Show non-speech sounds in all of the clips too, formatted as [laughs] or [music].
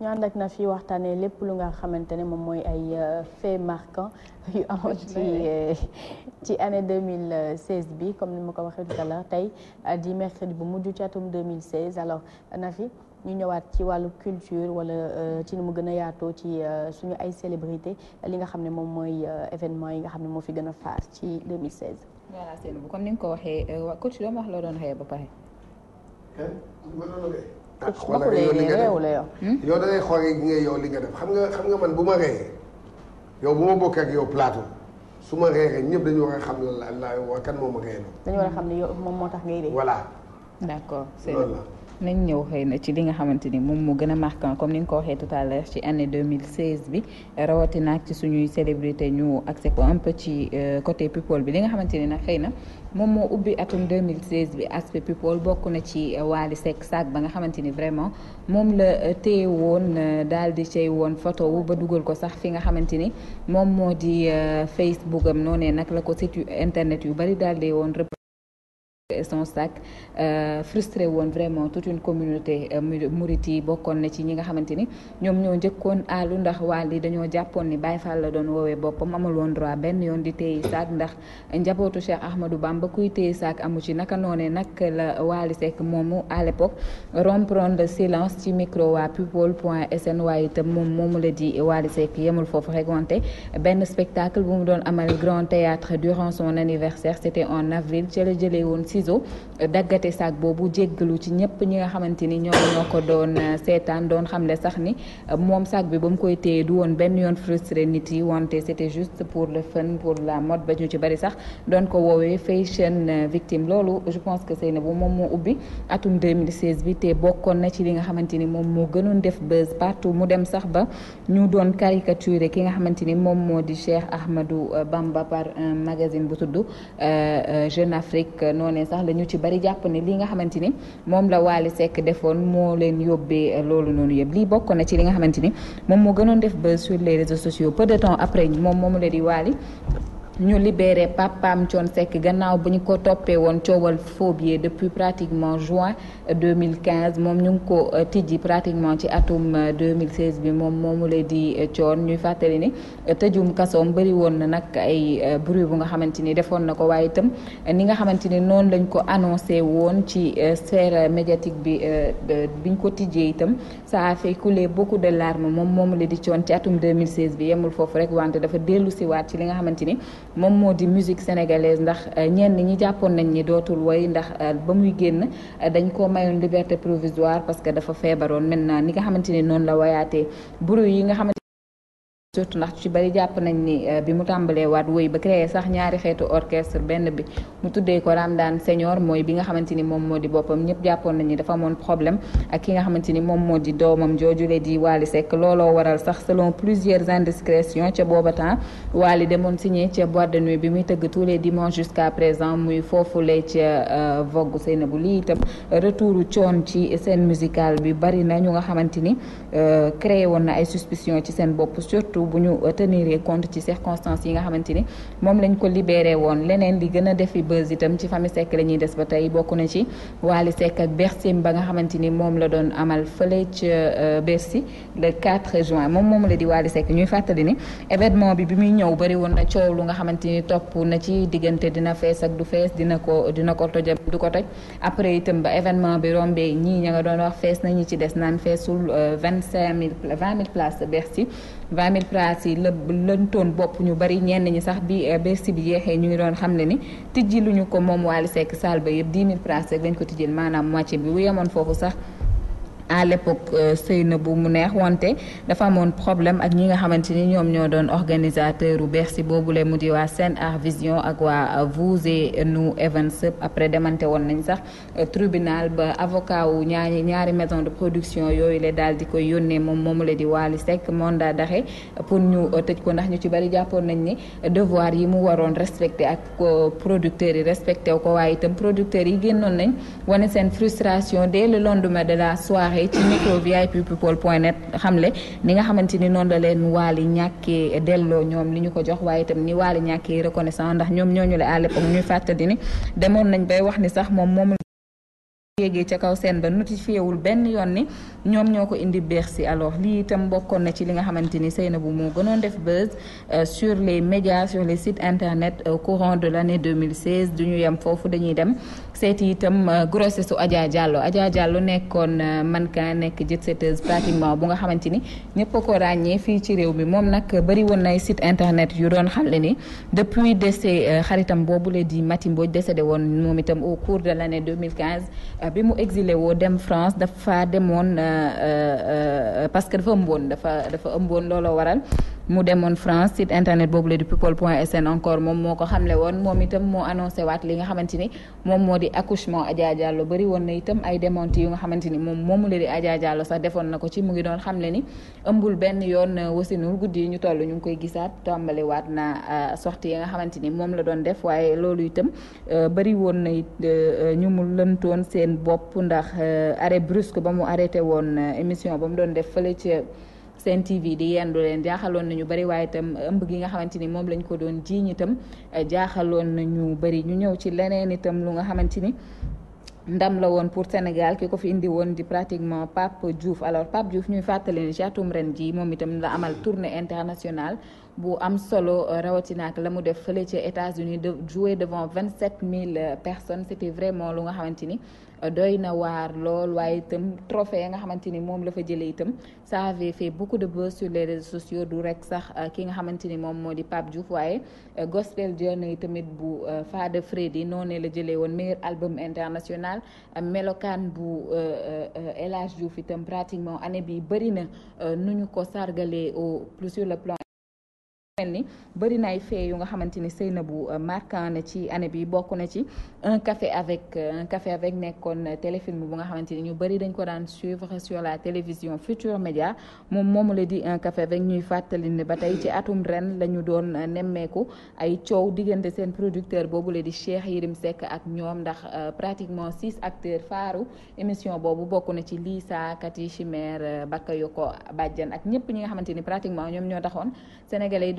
ñu ànd ak na fi waxtaanee lépp lu nga xamante ne moom mooy ay euh, fait marquant [laughs] yu amoon ci euh, ci année 2016 bi comme ni ma ko waxee tout tey euh, di mercredi bu mujj ci mil 2016 alo na fi ñu ñëwaat ci wàllu culture wala ci ni mu gën a yaatoo ci suñu ay célébrité li nga xam ne moom mooy événement yi nga xam ne moo fi gën a faar ci 2016. voilà seen bu comme ni nga ko waxee coach doomu wax la doon xëyee ba pare. wala yow li nga def yow da ngay xool rek ngay yow li nga def xam nga xam nga man bu ma ree yow bu ma bokk ak yow plateau su ma reeree ñëpp dañu war a xam la la waa kan moom ma dañu war a xam ne moom moo tax ngay ree. voilà. d'accord c'est nañ ñëw xëy na ci li nga xamante ni moom moo gën a marquant comme ni nga ko waxee tout à l'heure ci année 2016 bi rawatina ci suñuy célébrité ñu accès ko un peu ci côté people bi li nga xamante ni nag xëy na moom moo ubbi atum 2016 bi aspect people bokk na ci eh, Wally Seck saak ba nga xamante ni vraiment moom la eh, téye woon eh, daal di cay woon photo wu ba dugal ko sax fi nga xamante ni moom moo di Facebook am noonee nag la ko site internet yu bari daal di woon son sac euh, frustré woon vraiment toute une communauté euh, murit yi bokkoon na ci ñi nga xamante ni ñoom ñoo njëkkoon àllu ndax waal yi dañoo jàppoon ni Baye Fall la doon woowee boppam amul woon droit benn yoon di téye sac ndax njabootu Cheikh Ahmadou Bamba kuy téye sac amu ci naka noone nag la Waly Seck moomu à l'époque rompron le silence ci micro waa people point sn waaye itam moom moomu la di Waly Seck yemul foofu rek benn spectacle bu mu doon amal grand théâtre durant ciseau euh, daggate saak boobu jéggalu ci ñëpp ñi nga xamante ni ñoom ñoo ko doon euh, seetaan doon xamle sax ni euh, moom saak bi ba mu koy téye du woon benn yoon frustré nit yi wante c'était juste pour le fun pour la mode ba ñu ci bari sax doon ko woowee fashion victime loolu je pense que Seynabou moom moo ubbi atum 2016 bi te bokkoon na ci li nga xamante ni moom moo gënoon def buzz partout mu dem sax ba ñu doon caricaturé ki nga xamante ni moom moo di Cheikh Ahmadou Bamba par un magazine bu tudd Jeune Afrique noonu ne sax la ñu ci bari jàpp ne li nga xamante ni moom la Wally Seck defoon moo leen yóbbee loolu noonu yëpp lii bokk na ci li nga xamante ni moom moo gënoon def ba sur les réseaux sociaux peu de temps après moom moomu la di Wally ñu libeere papam Thione Seck gannaaw bu ñu ko toppee woon coowal phobie depuis pratiquement juin 2015 moom ñu ngi ko euh, tijji pratiquement ci atum 2016 euh, bi moom moomu lay di euh, Thione ñuy fàttali ni tëjum kasoom bëri woon na nag ay bruit bu nga xamante ni defoon na ko waaye ni nga xamante ni noonu lañ ko annoncé woon ci sphère médiatique bi biñ ko tijjee itam ça a fait couler moom moomu lay di Thione ci atum 2016 bi yemul foofu rek wante dafa dellu siwaat ci li nga xamante ni moom moo di musique sénégalaise ndax euh, ñenn ñi jàppoon nañ ni dootul woy ndax euh, ba muy génn euh, dañ koo mayoon liberté provisoire parce que dafa feebaroon maintenant ni nga xamante ni noonu la woyaatee bruit yi nga xamante surtout ndax ci bari jàpp nañ ni euh, bi mu tàmbalee waat woy ba créé sax ñaari xeetu orchestre benn bi mu tuddee ko Ramdan Senior mooy bi nga xamante ni moom moo di boppam ñëpp jàppoon nañ ni dafa amoon problème ak ki nga xamante ni moom moo di doomam jooju joojule di Wally Seck looloo waral sax selon plusieurs indiscrétions ca booba temps Wally demoon signé ca boîte de nuit bi muy tëgg tous les dimanches jusqu'à présent muy foofulee ca euh, Vogue seen bu lii itam retouru coon ci scène musicale bi bari na ñu nga xamante ni euh, créé woon na ay suspicion ci seen bopp loolu bu ñu tenir compte ci circonstances yi nga xamante ni moom lañ ko libéré woon leneen li gën a defi buzz itam ci famille Seck la ñuy des ba tey bokk na ci Wally Seck ak Bercy ba nga xamante ni moom la doon amal fële ca euh, Bercy le 4 juin moom moom la di Wally Seck ñuy fàttali ni événement bi bi muy ñëw bëri woon na coow lu nga xamante ni topp na ci diggante dina fees ak du fees dina ko dina ko toj du ko toj après itam ba événement bi rombee ñii ña nga doon wax fees nañu ci des naan feesul euh, vingt cinq mille vingt mille places vingt mille places yi la lëntoon bopp ñu bari ñenn ñi sax bi eh, Bercy bi yeexee ñu ngi doon xam ne ni tijji lu ñu ko moom Wally Seck salle ba yëpp dix mille places rek lañ ko tijjil maanaam moitié bi bu yemoon foofu sax à l'époque euh, Seynabou mu neex wante dafa amoon problème ak ñi nga xamante ni ñoom ñoo doon organisateur u boobu boobule mu di waa seen Art Vision ak waa Vous nu Nous Events après demante woon nañ sax euh, tribunal ba avocat wu ñaari ñaari maison de production yooyu le daal di koy yónnee moom moomu la di Wally Seck mandat d'arrêt pour ñu euh, tëj ko ndax ñu ci bari jàppoon nañ ni devoir yi mu waroon respecté ak producteurs yi respecté ko waaye itam producteurs yi génnoon nañ wane seen frustration waxee ci micro VIP people point net xamle ni nga xamante ni noonu la leen waali ñàkkee delloo ñoom li ñu ko jox waaye itam ni waali ñàkkee reconnaissant ndax ñoom ñooñu à l'époque ñuy fàttali ni demoon nañ bay wax ni sax moom moomul yeggee ca kaw seen ba notifié benn yoon ni ñoom ñoo ko indi Bercy alors lii itam bokkoon na ci li nga xamante ni Seynabou moo gënoon def buzz euh, sur les médias sur les sites internet euh, courant de l' année 2016 du ñu yem foofu dañuy dem seeti itam euh, grossesse su Adja Diallo Adja Diallo nekkoon mannequin nekk jet setteuse pratiquement bu nga xamante ni a ko ràññee fii ci réew mi moom nag bëri woon nay site internet yu doon xamle ni depuis décès xaritam boobu la di Mati Mbodj bi mu exilé woo dem France dafa demoon euh, euh, euh, parce que dafa ëmboon dafa dafa ëmboon looloo waral mu demoon France site internet boobu la di people point sn encore moom moo ko xamle woon moom itam moo annoncé waat li nga xamante ni moom moo di accouchement Adja Diallo bëri woon na itam ay démenti nga xamante ni moom moomu la di Adja Diallo sax defoon na ko ci mu ngi doon xamle ni ëmbul benn yoon wasinul guddi yi ñu toll ñu ngi koy gisaat tàmbali waat na euh, sortie yi nga xamante ni moom la doon def waaye loolu itam euh, bari woon na it euh, ñu mu lëntoon seen bopp ndax arrêt brusque ba mu arrêté woon émission ba mu doon def fële ci Sen TV di yendu leen jaaxaloon nañu bari waaye itam ëmb gi nga xamante ni moom lañ ko doon jiiñ itam eh, jaaxaloon nañu bari ñu ñëw ci leneen itam lu nga xamante ni ndam la woon pour Sénégal ki ko fi indi woon di pratiquement Pape Diouf alors Pape Diouf ñuy fàttali ne jatum ren jii moom itam la amal tournée internationale bu am solo eh, rawatina ak la mu def fële ca États-Unis de jouer devant vingt sept mille personnes c'était vraiment lu nga xamante ni Euh, doy na waar lool waaye itam trophée ya nga xamante ni moom la fa jële itam ça avait fait beaucoup de buzz sur les réseaux sociaux du rek sax euh, ki nga xamante ni moom moo di Pape Diouf waaye euh, Gospel Journey tamit bu Fada Freddy noone la jëlee woon meilleur album international melokaan bu El Hadj Diouf itam pratiquement année bi bëri na nu ñu ko sargalee au plus sur le plan mel ni bëri na ay fee yu nga xamante ni Seynabou euh, marquant na ci année bi bokk na ci un café avec euh, un café avec nekkoon téléfilm bu nga xamante ni ñu bëri dañ ko daan suivre sur la télévision Futur Média moom moomu la di un café avec ñuy fàttali ne ba tey ci atum ren la ñu doon euh, nemmeeku ay coow diggante seen producteur boobu la di Cheikh Yérim Seck ak ñoom ndax pratiquement six acteurs faaru émission boobu bokk na ci Lisa Kati Chimère Bakayoko Badiane ak ñëpp ñi nga xamante ni pratiquement ñoom ñoo taxoon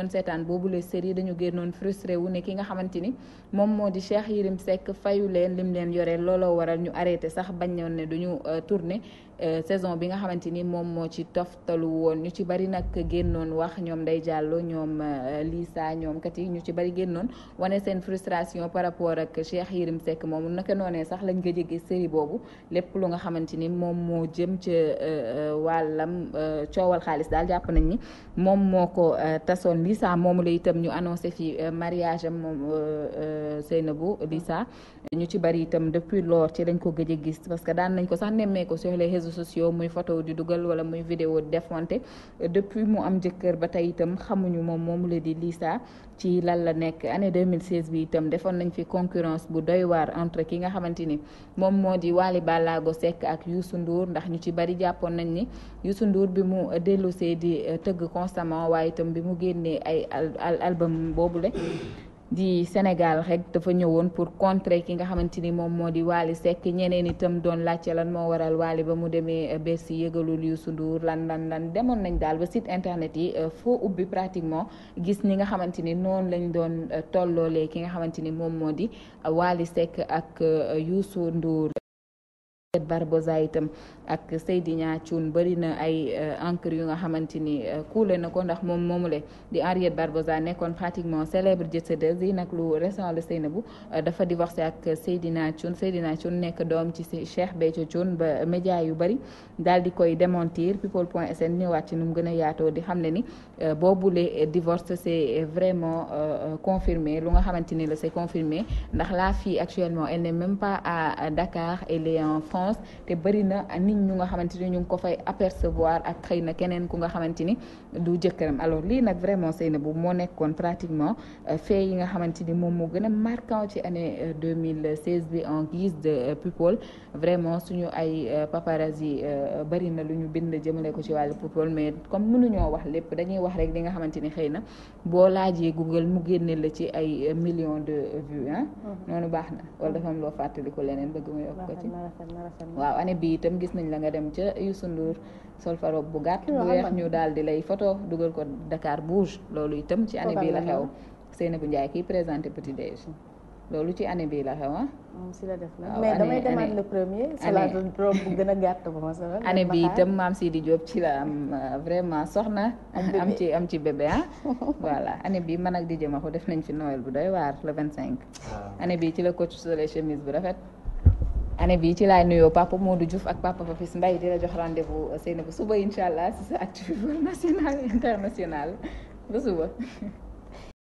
doon seetaan boobu la série dañu génnoon frustré wu ne ki nga xamante ni moom moo di Cheikh Yérim Seck fayu leen lim leen yore looloo waral ñu arrêté sax bañ ñoon ne duñu euh, tourner euh, saison bi nga xamante ni moom moo ci toftalu woon ñu ci bari nag génnoon wax ñoom Ndeye Diallo ñoom euh, Lisa ñoom kat yi ñu ci bari génnoon wane seen frustration par rapport ak Cheikh Yérim Seck moomu naka noonee sax lañ ko jege série boobu lépp lu nga xamante ni moom moo jëm ca wàllam coowal xaalis daal jàpp nañ ni moom moo ko tasoon Lissa moomu la itam ñu annoncé fi euh, mariage am moom euh, euh, Seynabou Lissa ñu ci bari itam depuis lors ci lañ ko gëj gis parce que daan nañ ko sax nemmee ko sur les réseaux sociaux muy photo di dugal wala muy vidéo di def wante depuis mu am jëkkër ba tey itam xamuñu moom moomu la di Lissa ci lan la nekk année 2016 bi itam defoon nañ fi concurrence bu doy waar entre ki nga xamante ni moom moo di Waly Ballago Seck ak Youssou Ndour ndax ñu ci bari jàppoon nañ ni Youssou Ndour bi mu ay album boobule di Sénégal rek dafa ñëwoon pour contrer ki nga xamante ni moom moo di Wally Seck ñeneen itam doon laajte lan moo waral Wally ba mu demee euh, Bercy yëgalul Youssou Ndour lan lan lan demoon nañ daal ba sit internet yi euh, foo ubbi pratiquement gis ñi nga xamante ni noonu lañ doon euh, tolloolee ki nga xamante ni moom moo di Wally Seck ak Youssou Ndour Maguette Barbosa itam ak Seydina Thioune bëri na ay euh, encre yu nga xamante ni euh, kuule na ko ndax moom moomule di Henriette Barbosa nekkoon pratiquement célèbre jessedeuse yi nag lu récent la Seynabou euh, dafa divorcé ak Seydina Thioune Seydina nekk doom ci Cheikh Béthio Thioune ba média yu bëri dal di koy démentir people point sn ñëwaat ci nu mu gën a yaatoo di xam ne ni boobu boobule divorce c'est vraiment confirmé lu nga xamante ni la c'est confirmé ndax la fille actuellement elle n'est pas à Dakar elle sens te bëri na nit ñu nga xamante ni ñu ngi ko fay apercevoir ak xëy na keneen ku nga xamante ni du jëkkëram alors lii nag vraiment Seynabou moo nekkoon pratiquement euh, fait yi nga xamante ni moom moo gën a marquant ci année 2016 euh, bi en guise de euh, people vraiment suñu ay paparazzi bëri na lu ñu bind jëmale ko ci wàllu people mais comme mënuñoo wax lépp dañuy wax rek li nga xamante ni xëy na boo laajee Google mu génne la ci ay million de vues ah noonu baax na wala dafa loo fàttaliku leneen bëgg ma yokk ci waaw année bi itam gis nañ la nga dem ca Youssou Ndour sol fa robe bu gàtt weex ñu daal di lay photo dugal ko Dakar Bouge loolu itam ci année bi la xew Seynabou Ndiaye kii présenté petit loolu ci année bii la ah. si la def nag mais damay demaat gën a gàtt ba année bi itam maam Sidi Diop ci la am euh, vraiment soxna. am ci am ci bébé ah. [laughs] voilà année bi man ak di jëmaxu def nañ fi Noël bu doy waar le 25. waaw année bii ci la coach solee chemise bu rafet. année bi ci laay nuyoo papa Modou Diouf ak papa Papis Mbaye di la jox rendez-vous euh, Seynabou suba incha allah si sa actu [laughs] national international ba suba. [laughs]